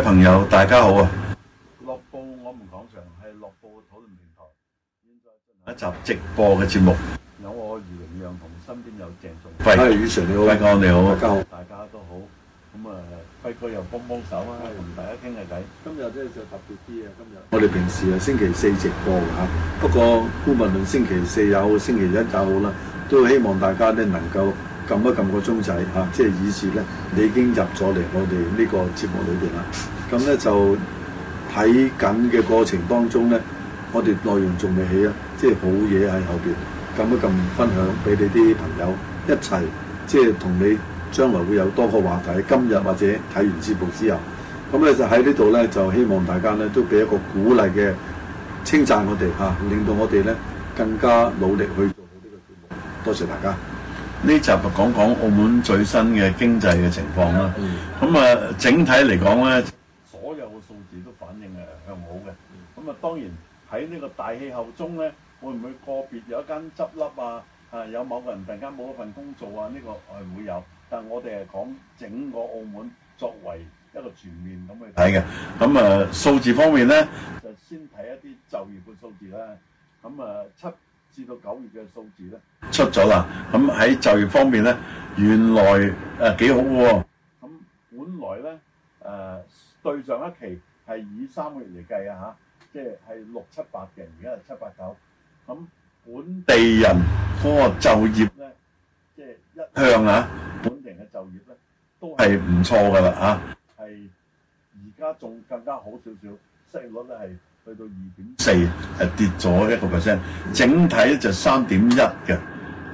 朋友，大家好啊！樂報我們講場係樂報討論平台，現在進行一集直播嘅節目。有我余榮讓同身邊有鄭仲輝。係，余 Sir 你好，輝哥你好，大家好，大家都好。咁啊，輝哥又幫幫手啊，同大家傾下偈。今日呢就特別啲啊！今日我哋平時係星期四直播㗎嚇，不過顧問論星期四有，星期一就好啦。都希望大家咧能夠～撳一撳個鐘仔，嚇、啊，即係已是咧，你已經入咗嚟我哋呢個節目裏邊啦。咁、嗯、咧就睇緊嘅過程當中咧，我哋內容仲未起啊，即係好嘢喺後邊，撳一撳分享俾你啲朋友一齊，即係同你將來會有多個話題。今日或者睇完節目之後，咁、嗯、咧就喺呢度咧，就希望大家咧都俾一個鼓勵嘅稱讚我哋嚇、啊，令到我哋咧更加努力去做好呢個節目。多謝大家。呢集就講講澳門最新嘅經濟嘅情況啦。咁啊，整體嚟講咧，所有嘅數字都反映係向好嘅。咁啊，當然喺呢個大氣候中咧，會唔會個別有一間執笠啊？啊，有某個人突然間冇咗一份工做啊？呢個係會有。但係我哋係講整個澳門作為一個全面咁去睇嘅。咁啊，數字方面咧，就先睇一啲就業嘅數字啦。咁啊，七。至到九月嘅數字咧，出咗啦，咁喺就業方面咧，原來誒幾好喎。咁本來咧，誒對上一期係以三個月嚟計啊嚇，即係係六七八嘅，而家係七八九。咁本地人嗰個就業咧，即係一向啊，本地人嘅就業咧都係唔錯㗎啦嚇。係而家仲更加好少少，失業率咧係。去到二點四，係跌咗一個 percent，整體咧就三點一嘅，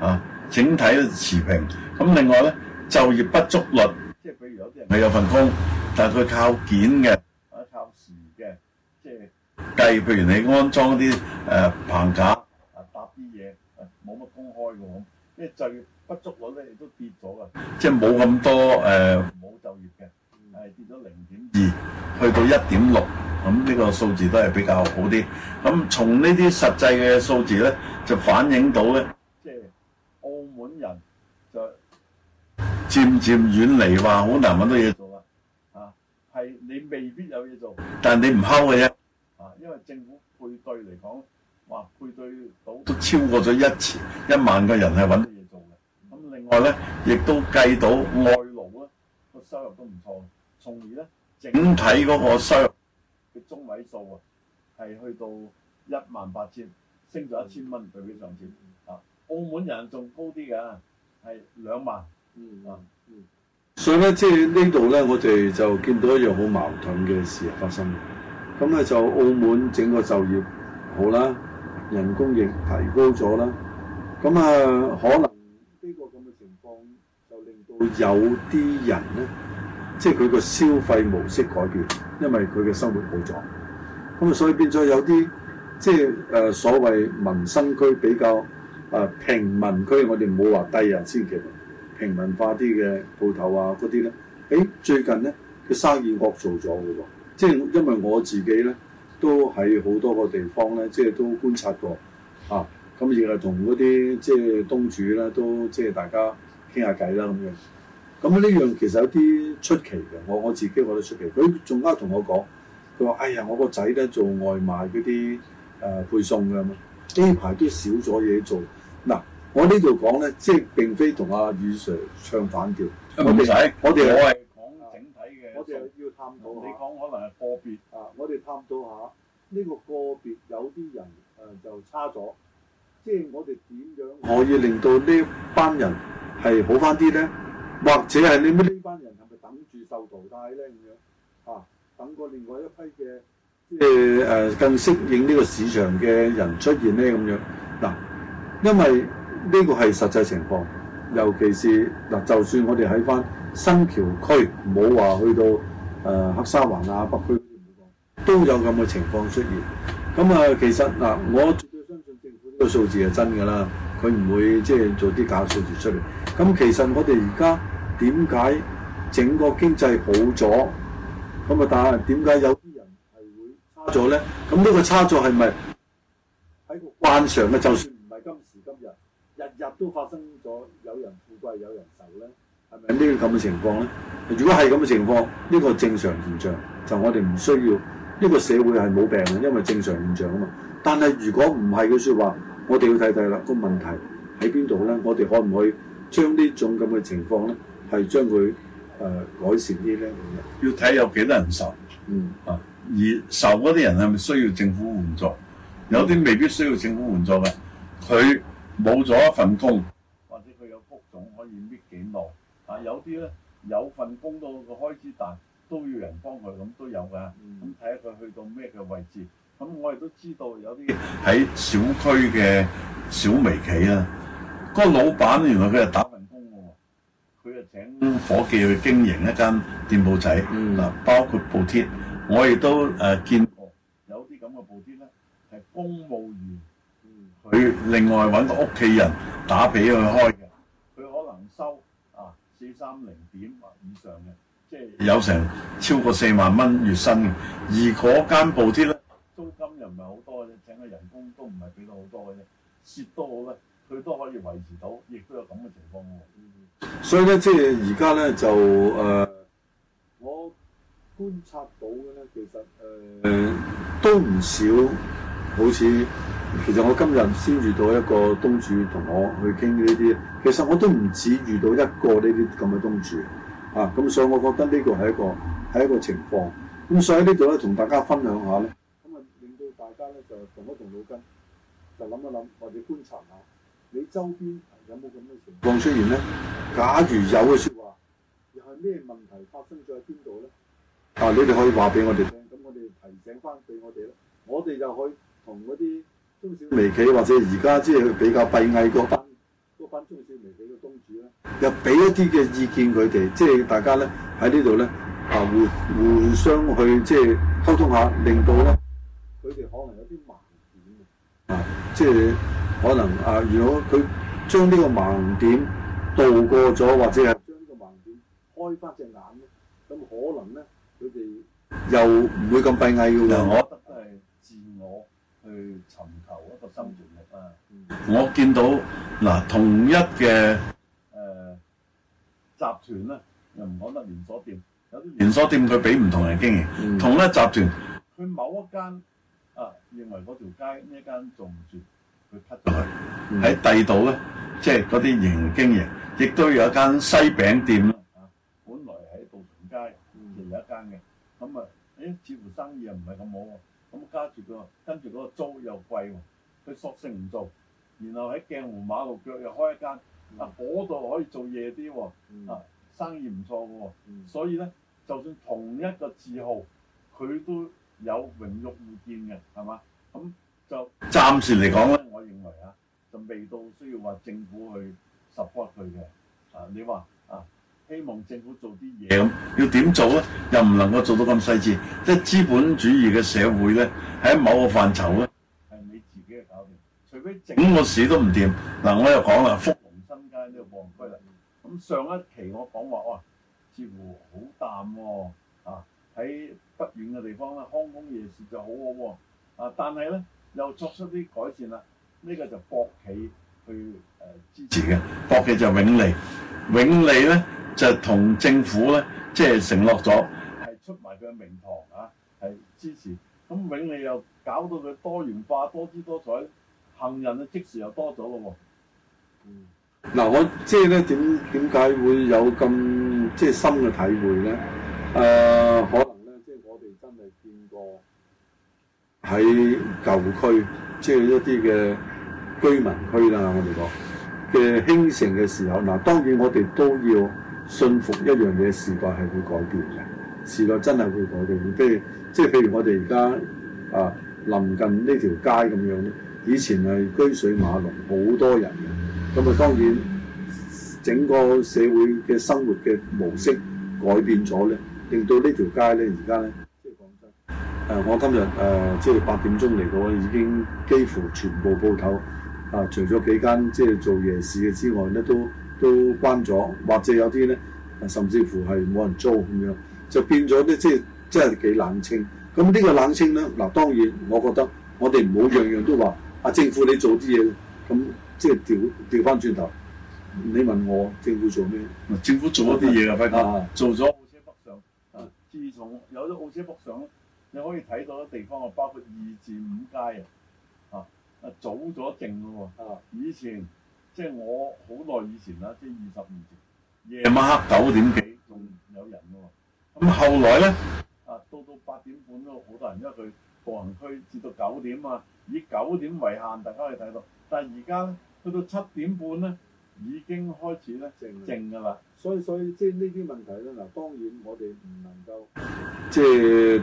啊，整體咧持平。咁另外咧，就業不足率，即係譬如有啲人係有份工，但係佢靠件嘅，啊靠時嘅，即係計，譬如你安裝啲誒棚架，啊搭啲嘢，啊冇乜公開嘅咁，即係就業不足率咧亦都跌咗噶，即係冇咁多誒冇就業嘅。係跌咗零點二，去到一點六，咁呢個數字都係比較好啲。咁從呢啲實際嘅數字咧，就反映到咧，即係澳門人就漸漸遠離話好難揾到嘢做啦。啊，係你未必有嘢做，但係你唔慳嘅啫。啊，因為政府配對嚟講，哇，配對到都超過咗一千一萬個人係揾到嘢做嘅。咁另外咧，亦都計到外勞咧，個收入都唔錯。從而總體嗰個商嘅中位數啊，係去到一萬八千，升咗一千蚊，對比上次。啊，澳門人仲高啲㗎，係兩萬。嗯啊，嗯。所以咧，即係呢度咧，我哋就見到一樣好矛盾嘅事發生。咁咧就澳門整個就業好啦，人工亦提高咗啦。咁啊，可能呢個咁嘅情況就令到有啲人咧。即係佢個消費模式改變，因為佢嘅生活好咗，咁啊所以變咗有啲即係誒、呃、所謂民生區比較啊、呃、平民區，我哋冇話低人先嘅，平民化啲嘅鋪頭啊嗰啲咧，誒最近咧佢生意惡做咗嘅喎，即係因為我自己咧都喺好多個地方咧，即係都觀察過啊，咁亦係同嗰啲即係東主咧都即係大家傾下偈啦咁嘅。咁呢樣其實有啲出奇嘅，我我自己覺得出奇。佢仲加同我講，佢話：哎呀，我個仔咧做外賣嗰啲誒配送㗎嘛，呢排都少咗嘢做。嗱，我呢度講咧，即係並非同阿余 Sir 唱反調，咁唔使。我係講整體嘅，用我哋要探討。你講可能係個別啊，我哋探討下呢、呢個個別有啲人誒、啊、就差咗，即係我哋點樣可以令到呢班人係好返啲咧？或者係你咩？呢班人係咪等住受淘汰咧咁樣啊？等過另外一批嘅即係誒更適應呢個市場嘅人出現咧咁樣。嗱，因為呢個係實際情況，尤其是嗱，就算我哋喺翻新橋區，唔好話去到誒黑沙環啊、北區都有咁嘅情況出現。咁啊，其實嗱，我絕對相信政府呢個數字係真㗎啦，佢唔會即係做啲假數字出嚟。咁其實我哋而家點解整個經濟好咗咁啊？但係點解有啲人係會差咗咧？咁呢個差錯係咪喺個慣常嘅？就算唔係今時今日，日日都發生咗有人富貴有人受咧，係咪呢個咁嘅情況咧？如果係咁嘅情況，呢個正常現象，就我哋唔需要呢個社會係冇病嘅，因為正常現象啊嘛。但係如果唔係嘅説話，我哋要睇睇啦，個問題喺邊度咧？我哋可唔可以將呢種咁嘅情況咧？係將佢誒改善啲咧，要睇有幾多人受，嗯啊，而受嗰啲人係咪需要政府援助？有啲未必需要政府援助㗎，佢冇咗一份工，或者佢有谷種可以搣幾耐，啊有啲咧有份工到個開支，但都要人幫佢咁都有㗎，咁睇下佢去到咩嘅位置。咁我哋都知道有啲喺小區嘅小微企啦，嗰個老闆原來佢係打。佢就請夥計去經營一間店鋪仔，嗱，包括布貼，我亦都誒見過有啲咁嘅布貼咧，係公務員佢另外揾個屋企人打俾佢開嘅，佢可能收啊四三零點或以上嘅，即係有成超過四萬蚊月薪嘅。而嗰間布貼咧，租金又唔係好多嘅啫，請嘅人工都唔係俾到好多嘅啫，蝕多咗咧，佢都可以維持到，亦都有咁嘅情況喎。所以咧，即係而家咧就誒，呃、我觀察到嘅咧，其實誒、呃呃、都唔少。好似其實我今日先遇到一個東主同我去傾呢啲，其實我都唔止遇到一個呢啲咁嘅東主啊。咁所以，我覺得呢個係一個係一個情況。咁所以喺呢度咧，同大家分享下咧，咁啊、嗯，令到大家咧就動一動腦筋，就諗一諗或者觀察下，你周邊有冇咁嘅情況出現咧？假如有嘅説話，又係咩問題發生咗喺邊度咧？啊！你哋可以話俾我哋聽。咁我哋提醒翻俾我哋咯。我哋就去同嗰啲中小微企，或者而家即係比較閉翳嗰班班中小微企嘅東主咧，又俾一啲嘅意見佢哋，即係大家咧喺呢度咧啊，互互相去即係溝通下，令到咧佢哋可能有啲盲點啊，即係可能啊，如果佢將呢個盲點。渡過咗或者係將呢個盲點開翻隻眼咧，咁可能咧佢哋又唔會咁閉翳㗎喎。嗱，我覺得係自我去尋求一個生存力啊。我見到嗱同一嘅誒集團咧，又唔講得連鎖店，有啲連鎖店佢俾唔同人經營，同一集團佢某一間啊認為嗰條街呢間做唔住。佢 cut 咗佢喺第度咧，即係嗰啲營經營，亦、嗯就是、都有一間西餅店啦。嚇、嗯，本來喺道頓街亦有一間嘅，咁啊，誒、哎、似乎生意又唔係咁好喎。咁加住個跟住嗰個租又貴喎，佢索性唔做。然後喺鏡湖馬路腳又開一間，嗯、啊嗰度可以做夜啲喎，嗯、啊生意唔錯喎。嗯、所以咧，就算同一個字號，佢都有榮辱互見嘅，係嘛？咁、嗯。嗯。暫時嚟講咧，我認為啊，就未到需要話政府去 support 佢嘅。啊，你話啊，希望政府做啲嘢咁，要點做咧？又唔能夠做到咁細緻，即係資本主義嘅社會咧，喺某個範疇咧，係你自己去搞掂，除非整個市都唔掂。嗱，我又講啦，福龍新街呢個旺區啦。咁上一期我講話哇，似乎好淡喎。啊，喺不遠嘅地方咧，康公夜市就好好旺。啊，但係咧。又作出啲改善啦，呢個就博企去誒支持嘅，博企就永利，永利咧就同政府咧即係承諾咗係出埋佢嘅名堂啊，係支持，咁永利又搞到佢多元化多姿多彩，行人嘅即時又多咗嘅喎。嗯，嗱，我即係咧點點解會有咁即係深嘅體會咧？誒，可能咧即係我哋真係見過。喺舊區，即係、就是、一啲嘅居民區啦。我哋講嘅興盛嘅時候，嗱，當然我哋都要信服一樣嘢，時代係會改變嘅。時代真係會改變，即係即係，就是、譬如我哋而家啊，臨近呢條街咁樣咧，以前係車水馬龍，好多人嘅。咁啊，當然整個社會嘅生活嘅模式改變咗咧，令到呢條街咧而家咧。誒、呃，我今日誒、呃，即係八點鐘嚟，到，已經幾乎全部鋪頭啊、呃，除咗幾間即係做夜市嘅之外咧，都都關咗，或者有啲咧，甚至乎係冇人租咁樣，就變咗咧，即係即係幾冷清。咁、嗯、呢、呢個冷清咧，嗱、呃，當然我覺得我哋唔好樣樣都話，啊，政府你做啲嘢，咁、嗯、即係調調翻轉頭，你問我政府做咩？政府做一啲嘢啊，啊做咗了澳車北上啊，自從有咗澳車北上你可以睇到啲地方啊，包括二至五街啊，嚇啊早咗靜噶喎，以前即係我好耐以前啦，即係二十年前，夜晚黑九點幾仲有人喎。咁後來咧，啊到到八點半都好多人，因為佢步行區至到九點啊，以九點為限，大家可以睇到。但係而家咧，去到七點半咧，已經開始咧靜靜噶啦。所以所以即係呢啲問題咧，嗱，當然我哋唔能夠即係。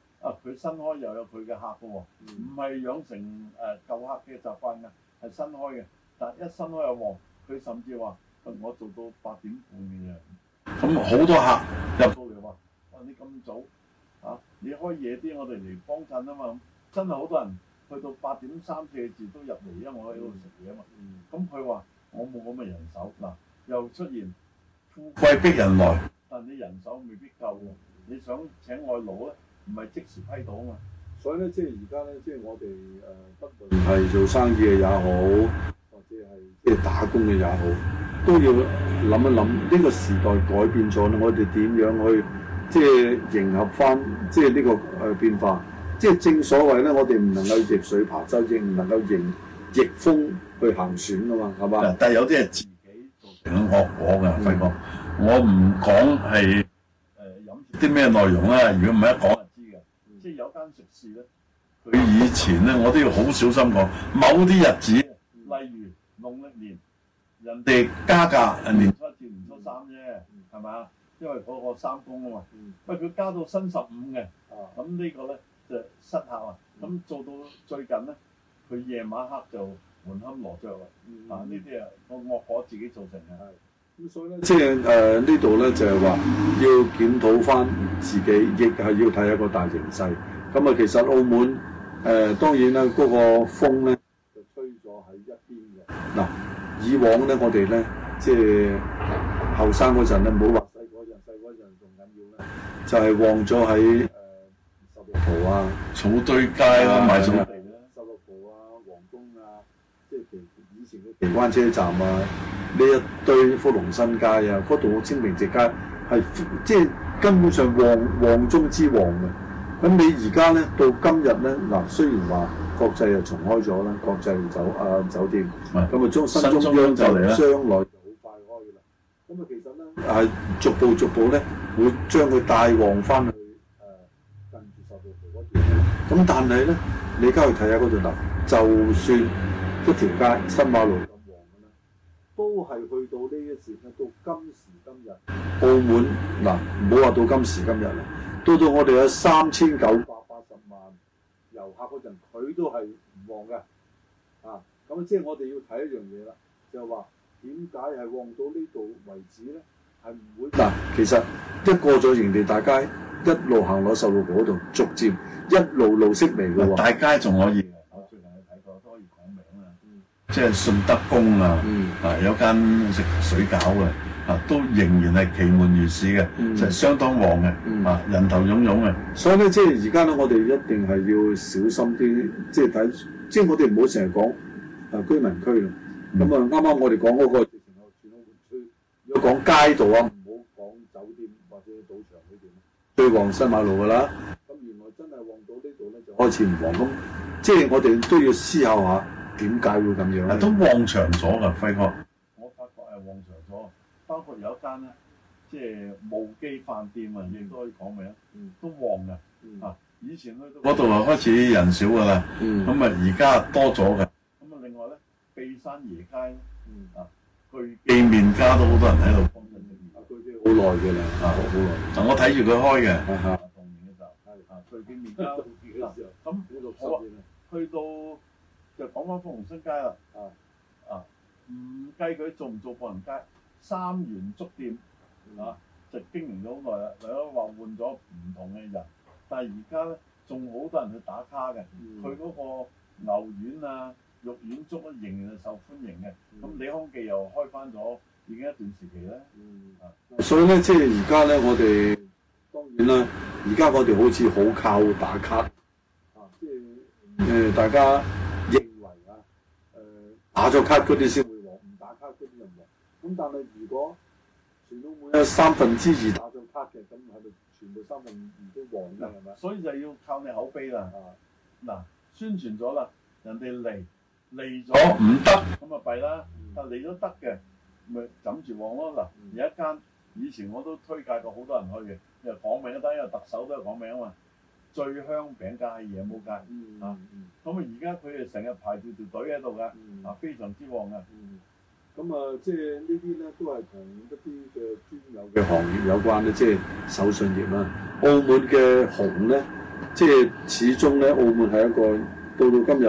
啊！佢新開又有佢嘅客嘅喎、哦，唔係養成誒、呃、舊客嘅習慣嘅，係新開嘅。但一新開又旺，佢甚至話：我做到八點半嘅啫。咁好、嗯、多客入到嚟話：啊，你咁早嚇？你開夜啲，我哋嚟幫襯啊嘛！真係好多人去到八點三、四字都入嚟，因為我喺度食嘢啊嘛。咁佢話：我冇咁嘅人手嗱，又出現富貴逼人來。但你人手未必夠，你想請外勞咧？唔係即時批檔啊！所以咧，即係而家咧，即係我哋誒、呃、不論係做生意嘅也好，或者係即係打工嘅也好，都要諗一諗呢、呢個時代改變咗咧，我哋點樣去即係迎合翻即係呢個誒變化？即係正所謂咧，我哋唔能夠逆水爬舟，亦唔能夠迎逆風去行船啊嘛，係嘛？但係有啲係自己嘅惡果㗎，輝哥，的的我唔講係誒飲啲咩內容啦、啊，如果唔係一講。即係有間食肆咧，佢以前咧，我都要好小心講，某啲日子，嗯、例如農曆年，人哋加價，年初一至年初三啫，係咪、嗯？因為嗰個三公啊嘛，不過佢加到新十五嘅，咁、啊、呢個咧就是、失效啊！咁、嗯、做到最近咧，佢夜晚黑就門可羅雀啦，啊呢啲啊我惡果自己造成嘅。是的 咁所以咧，即係誒呢度咧，就係、是、話要檢討翻自己，亦係要睇一個大形勢。咁啊，其實澳門誒、呃，當然啦，嗰、那個風咧就吹咗喺一邊嘅。嗱，以往咧，我哋咧，即係後生嗰陣咧，唔好話細個嗰陣，細個嗰陣仲緊要咧，就係旺咗喺十六鋪啊、草堆街啊，的埋送啊、十六鋪啊、皇宮啊，即係。平關車站啊，呢一對福隆新街啊，嗰度清明直街係，即係根本上旺旺中之旺嘅。咁你而家咧到今日咧，嗱雖然話國際又重開咗啦，國際酒啊酒店，咁啊將新中央就嚟咧，將來就好快開啦，咁啊其實咧，係逐步逐步咧會將佢帶旺翻去。誒、啊，跟住受惠嗰段，咁但係咧，你而家去睇下嗰度，就算。一條街新馬路咁旺都係去到呢一時咧，到今時今日，澳門嗱唔好話到今時今日啦，到到我哋有三千九百八十萬遊客嗰陣，佢都係唔旺嘅啊！咁即係我哋要睇一樣嘢啦，就係話點解係旺到呢度為止咧？係唔會嗱，其實一過咗營地大街，一路行落秀路嗰度，逐漸一路路式微嘅喎。大街仲可以，我最近去睇過，都可以講明。即係順德宮啊，啊有間食水餃嘅、啊，啊都仍然係其門如市嘅，就係相當旺嘅，啊人頭湧湧嘅。所以咧，即係而家咧，我哋一定係要小心啲，即係睇，即係我哋唔好成日講啊居民區啦。咁啊、嗯，啱啱我哋講嗰個，如果講街道啊，唔好講酒店或者賭場嗰啲，最旺新馬路噶啦。咁原來真係旺到呢度咧，就開始唔旺，咁即係我哋都要思考下。點解會咁樣咧？都旺場咗噶，輝哥。我發覺誒旺場咗，包括有一間咧，即係冒記飯店啊，亦都可以講名，都旺嘅。啊，以前咧都嗰度啊開始人少噶啦，咁啊而家多咗嘅。咁啊，另外咧，庇山耶街啊，巨記麵家都好多人喺度，好耐嘅啦，啊，好耐。嗱，我睇住佢開嘅，哈哈，同年嘅就，啊，巨記麵家，咁去到。就講翻福隆新街啦，啊啊，唔計佢做唔做步行街，三元粥店嚇、啊、就經營咗好耐啦，嚟講話換咗唔同嘅人，但係而家咧仲好多人去打卡嘅，佢嗰、嗯、個牛丸啊、肉丸粥都仍然係受歡迎嘅，咁、嗯、李康記又開翻咗，已經一段時期咧，嗯啊、所以咧即係而家咧我哋當然啦，而家我哋好似好靠打卡，啊，即係誒大家。打咗卡嗰啲先會旺，唔打卡嗰啲唔旺。咁但係如果全部每三分之二打咗卡嘅，咁係咪全部三分之二都旺咧？係咪？所以就要靠你口碑啦。嗱，宣傳咗啦，人哋嚟嚟咗唔得，咁啊弊啦。但嚟咗得嘅，咪枕住旺咯。嗱、嗯，有一間以前我都推介過好多人去嘅，又講名，得，因為特首都係講名啊嘛。最香餅街係嘢冇計㗎，咁啊而家佢哋成日排住條隊喺度㗎，啊非常之旺㗎。咁啊，即係呢啲咧都係同一啲嘅專有嘅行業有關嘅，即係手信業啦。澳門嘅紅咧，即係始終咧，澳門係一個到到今日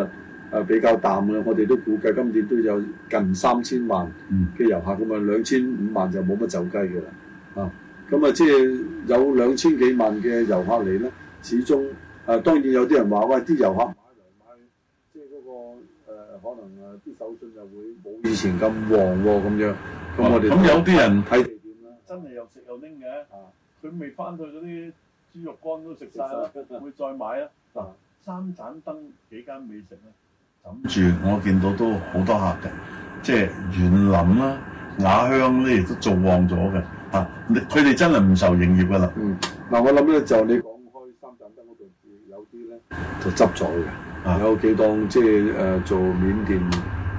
啊比較淡啦。我哋都估計今年都有近三千萬嘅遊客㗎嘛，咁兩千五萬就冇乜走雞㗎啦。啊，咁啊，即係有兩千幾萬嘅遊客嚟咧。始終誒當然有啲人話喂啲遊客買嚟買，即係嗰個誒可能誒啲手信就會冇以前咁旺喎咁樣。咁我哋咁有啲人係真係又食又拎嘅。佢未翻去嗰啲豬肉乾都食晒啦，會再買啊。嗱，三盞燈幾間美食咧，諗住我見到都好多客嘅，即係園林啦、雅香呢，亦都做旺咗嘅。嚇，佢哋真係唔受營業㗎喇。嗯，嗱我諗咧就你。有啲咧就執咗嘅，啊、有幾檔即係誒做緬甸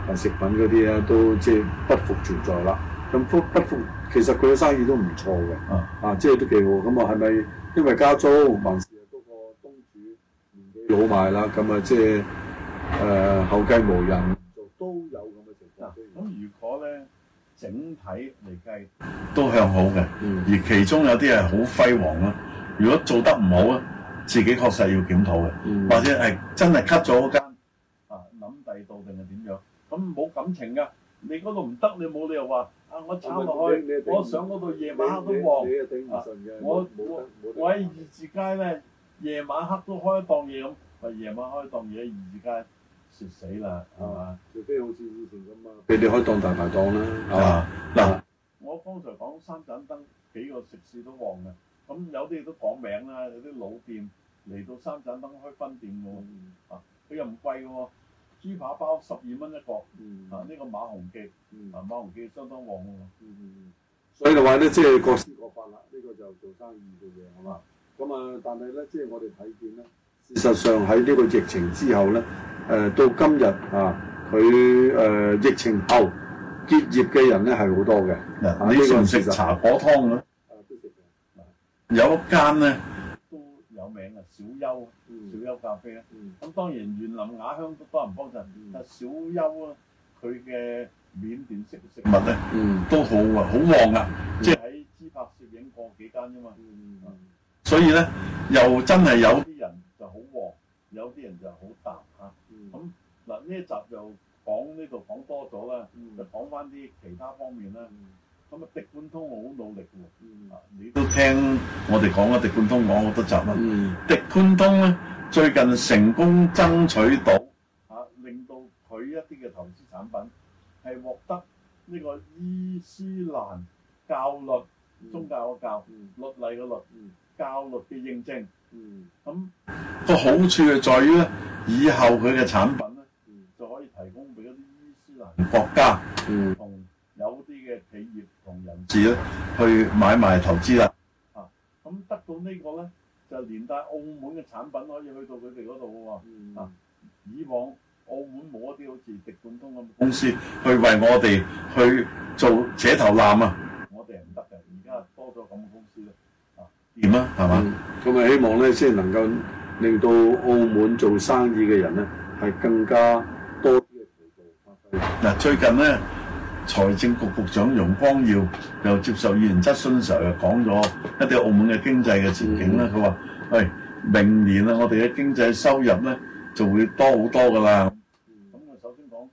嘅食品嗰啲咧都即係、就是、不復存在啦。咁不不復，其實佢嘅生意都唔錯嘅，啊，即係、啊就是、都幾好。咁啊，係咪因為加租，嗯、還是嗰個東主年紀老賣啦？咁啊，即係誒後繼無人。都有咁嘅情況。咁如果咧整體嚟計，都向好嘅，嗯、而其中有啲係好輝煌啦。如果做得唔好咧，呢自己確實要檢討嘅，或者係真係吸咗嗰間啊，諗第二度定係點樣？咁冇感情㗎，你嗰度唔得，你冇理由話啊，我炒落去。我上嗰度夜晚黑都旺啊！我我喺二字街咧，夜晚黑都開檔嘢咁，咪夜晚開檔嘢二字街蝕死啦，係嘛？除非好似以前咁嘛，你哋開檔大排檔啦，係嘛？嗱，我剛才講三盞燈，幾個食肆都旺嘅。咁有啲都講名啦，有啲老店嚟到三盞燈都開分店喎，啊，佢又唔貴嘅喎，豬扒包十二蚊一個，啊，呢個馬洪記，啊，馬洪記相當旺喎，所以嘅話咧，即係各師各法啦，呢個就做生意嘅嘢係嘛？咁啊，但係咧，即係我哋睇見咧，事實上喺呢個疫情之後咧，誒到今日啊，佢誒疫情後結業嘅人咧係好多嘅，呢個食茶果湯有一間咧都有名嘅小優，小優咖啡咧。咁、嗯、當然園林雅香都多人幫襯，嗯、但小優啊，佢嘅緬甸式食物咧都好啊，好旺㗎、啊。即係喺資拍攝影過幾間啫嘛。嗯、所以咧又真係有啲人就好旺，有啲人就好淡嚇。咁嗱呢一集又講呢度講多咗啦，嗯、就講翻啲其他方面啦。咁啊，滴灌通我好努力嘅喎、嗯啊，你都聽我哋講啊，滴灌通講好多集啦。嗯、滴灌通咧最近成功爭取到嚇、啊，令到佢一啲嘅投資產品係獲得呢個伊斯蘭教律宗、嗯、教嘅教、嗯嗯、教律例嘅律教律嘅認證。咁、嗯、個、嗯、那好處就在於咧，以後佢嘅產品咧就、嗯、可以提供俾一啲伊斯蘭國家。嗯嗯有啲嘅企業同人士咧，去買賣投資啦。啊，咁得到呢個咧，就連帶澳門嘅產品可以去到佢哋嗰度喎。啊，以往澳門冇一啲好似迪冠通咁嘅公司去為我哋去做扯頭纜啊。我哋唔得嘅，而家多咗咁嘅公司咧。啊，掂啊，係嘛？咁啊，希望咧，即係能夠令到澳門做生意嘅人咧，係更加多啲嘅渠道發揮。嗱，最近咧。財政局局長容光耀又接受議員質詢時候又講咗一啲澳門嘅經濟嘅前景咧。佢話：喂，明年啊，我哋嘅經濟收入咧，就會多好多噶啦。咁啊，我首先講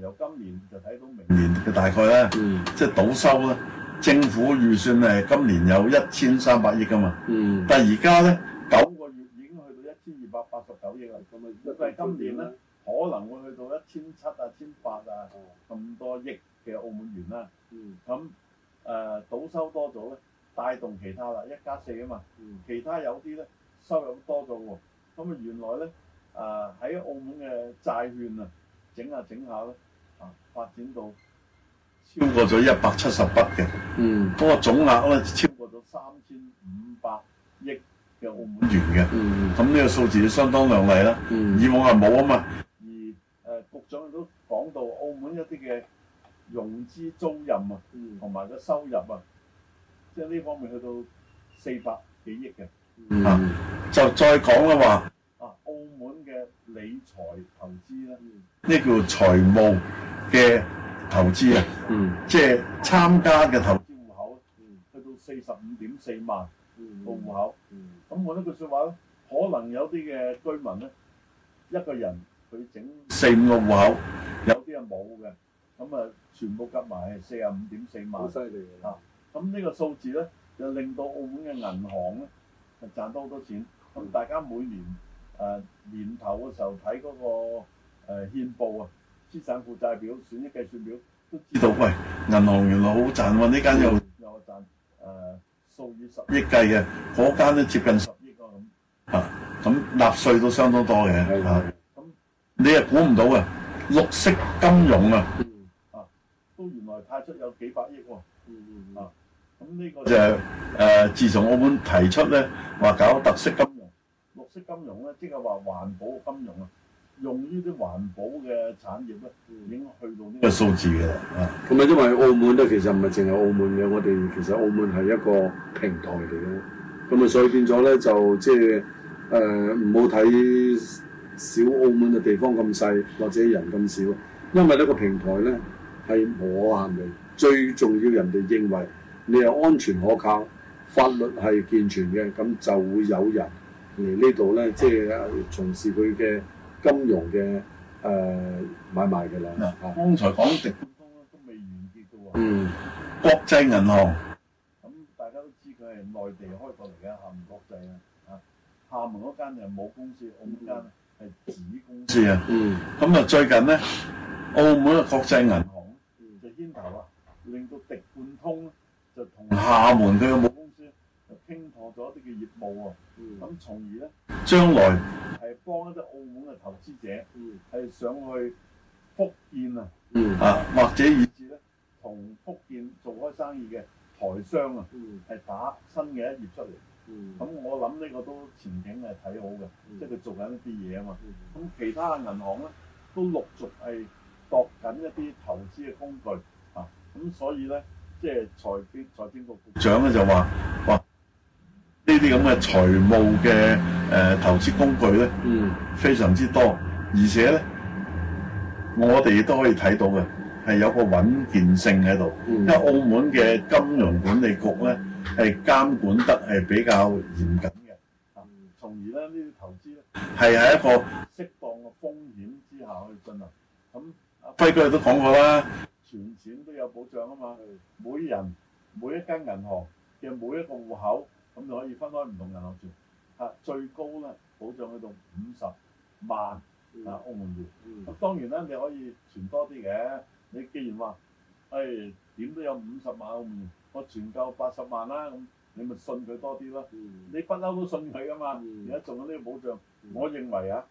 由今年就睇到明年嘅大概咧，即係賭收啦。政府預算係，今年有一千三百億噶嘛。嗯。但係而家咧，九個月已經去到一千二百八十九億喇。咁啊，如果係今年咧，可能會去到一千七啊、千八啊咁多億。嘅澳門元啦，嗯，咁誒賭收多咗咧，帶動其他啦，一加四啊嘛，其他有啲咧收入多咗喎，咁啊原來咧誒喺澳門嘅債券啊，整下整下咧啊發展到超過咗一百七十筆嘅，嗯，嗰個總額咧超過咗三千五百億嘅澳門元嘅，嗯咁呢個數字相當靚麗啦，以往係冇啊嘛，而誒局長亦都講到澳門一啲嘅。融資租賃啊，同埋個收入啊，即係呢方面去到四百幾億嘅。嗯，就再講啦話，啊澳門嘅理財投資咧，呢叫財務嘅投資啊，嗯，即係參加嘅投資戶口，去、嗯、到四十五點四萬個戶口。嗯，咁換一句說話咧，可能有啲嘅居民咧，一個人佢整四五個戶口有，有啲係冇嘅。有咁啊，全部夾埋係四十五點四萬，好犀利啊！咁呢個數字咧，就令到澳門嘅銀行咧係賺多好多錢。咁大家每年誒年頭嘅時候睇嗰個誒憲報啊、資產負債表、損益計算表，都知道喂，銀行原來好賺喎！呢間又又賺誒數以十億計嘅，嗰間都接近十億啊！咁啊，咁納稅都相當多嘅啊！咁你又估唔到嘅綠色金融啊！都原來派出有幾百億喎，啊，咁呢個就係誒，自從澳門提出咧，話搞特色金融、綠色金融咧，即係話環保金融啊，用呢啲環保嘅產業咧，已經去到呢個數字嘅，啊，咁咪因為澳門咧，其實唔係淨係澳門嘅，我哋其實澳門係一個平台嚟嘅，咁啊，所以變咗咧就即係誒，唔好睇小澳門嘅地方咁細，或者人咁少，因為呢個平台咧。係無可限量，最重要人哋認為你係安全可靠，法律係健全嘅，咁就會有人嚟呢度咧，即係從事佢嘅金融嘅誒買賣㗎啦。嗱，剛才講到地方都未完結㗎啊。嗯，國際銀行。咁大家都知佢係內地開過嚟嘅，廈門國際啊，啊，廈門嗰間就冇公司，澳門間係子公司啊。嗯。咁啊，最近咧，澳門嘅國際銀行。牽頭啊，令到迪冠通就同廈門佢嘅母公司就傾妥咗一啲嘅業務啊。咁從而咧將來係幫一啲澳門嘅投資者係上去福建啊，啊或者以至咧同福建做開生意嘅台商啊，係打新嘅一頁出嚟，咁我諗呢個都前景係睇好嘅，即係佢做緊一啲嘢啊嘛。咁其他銀行咧都陸續係。度緊一啲投資嘅工具啊，咁所以咧，即係財政財政局局長咧就話，哇，呢啲咁嘅財務嘅誒投資工具咧，嗯，非常之多，而且咧，我哋亦都可以睇到嘅，係有個穩健性喺度，因為澳門嘅金融管理局咧係監管得係比較嚴謹嘅，啊，從而咧呢啲投資咧係喺一個適當嘅風險之下去進行，咁。輝哥都講過啦，存錢都有保障啊嘛。是的 每人每一間銀行嘅每一個戶口，咁就可以分開唔同銀行存。嚇、啊，最高咧保障去到五十萬啊澳門元。咁、嗯嗯嗯、當然啦，你可以存多啲嘅。你既然話，誒、哎、點都有五十萬澳門元，我存夠八十萬啦、啊，咁你咪信佢多啲咯。嗯、你不嬲都信佢噶嘛。而家仲有呢個保障，嗯、我認為啊，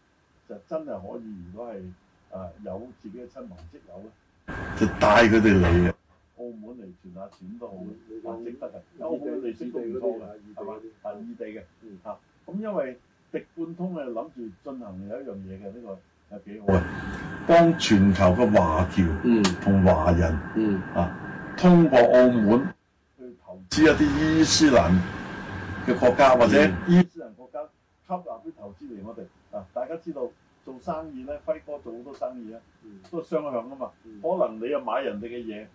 就真係可以。如果係，啊！有自己嘅親朋戚友咧，就帶佢哋嚟啊！澳門嚟存下錢都好值得嘅，因為澳門嘅利息都唔錯嘅，係嘛？啊，異地嘅嚇，咁因為迪貫通係諗住進行另一樣嘢嘅，呢個係幾好嘅，幫全球嘅華僑同華人啊，通過澳門去投資一啲伊斯蘭嘅國家或者伊斯蘭國家吸納啲投資嚟我哋啊！大家知道。做生意咧，輝哥做好多生意啊，嗯、都雙向啊嘛。嗯、可能你又買人哋嘅嘢，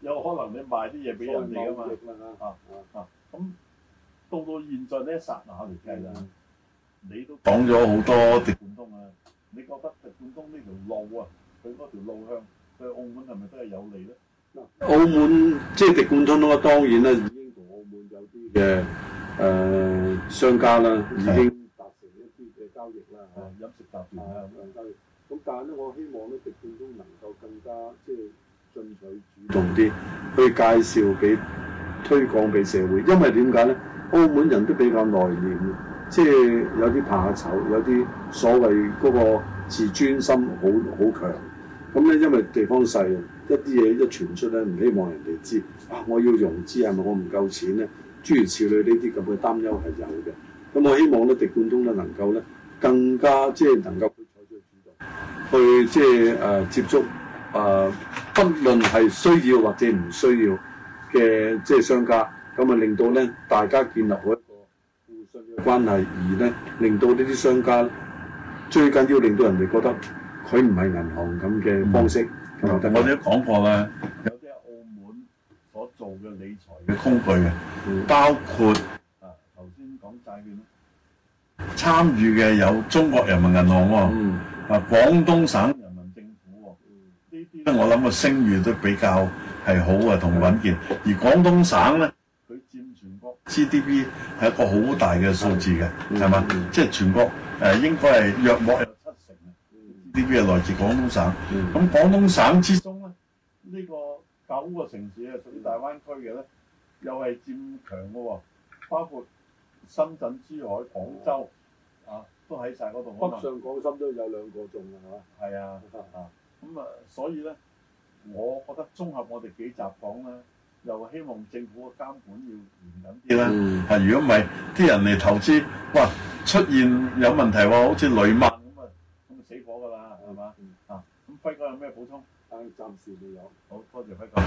有可能你賣啲嘢俾人哋啊嘛。啊啊，咁、啊、到、啊嗯、到現在呢，一剎那嚟計啦，嗯、你都講咗好多地。迪地你覺得迪冠東呢條路啊，佢嗰條路向對澳門係咪都係有利咧？嗱、就係，澳門即係迪冠東咯，當然啦，已經同澳門有啲嘅誒商家啦，已經。嗯交易啦，飲食集團啦，咁、嗯、但係咧，我希望咧，狄冠忠能夠更加即係進取主動啲，去介紹、俾推廣俾社會。因為點解咧？澳門人都比較內斂，即、就、係、是、有啲怕醜，有啲所謂嗰個自尊心好好強。咁咧，因為地方細，一啲嘢一傳出咧，唔希望人哋知。啊，我要融資係咪我唔夠錢咧？諸如此類呢啲咁嘅擔憂係有嘅。咁我希望咧，狄冠忠咧能夠咧。更加即係能夠去採取主動去即係誒接觸誒、啊、不論係需要或者唔需要嘅即係商家，咁啊令到咧大家建立好一個互信嘅關係，而咧令到呢啲商家最緊要令到人哋覺得佢唔係銀行咁嘅方式，我哋講過啦，有啲係澳門所做嘅理財嘅工具啊，包括啊頭先講債券。參與嘅有中國人民銀行，嗯，啊廣東省人民政府，嗯，呢啲咧，我諗個聲譽都比較係好嘅同穩健，而廣東省咧，佢佔全國 GDP 係一個好大嘅數字嘅，係嘛，即係全國誒應該係約莫有七成嘅 GDP 係來自廣東省，咁廣東省之中咧，呢個九個城市係屬於大灣區嘅咧，又係佔強嘅，包括。深圳、珠海、廣州啊，都喺曬嗰度。北上廣深都有兩個鐘㗎嘛。係啊，啊，咁啊，所以咧，我覺得綜合我哋幾集講咧，又希望政府嘅監管要嚴謹啲啦。嗯。係，如果唔係，啲人嚟投資，哇，出現有問題喎，好似雷曼咁啊，咁啊死火㗎啦，係嘛？啊，咁輝哥有咩補充？誒，暫時未有。好，多謝輝哥。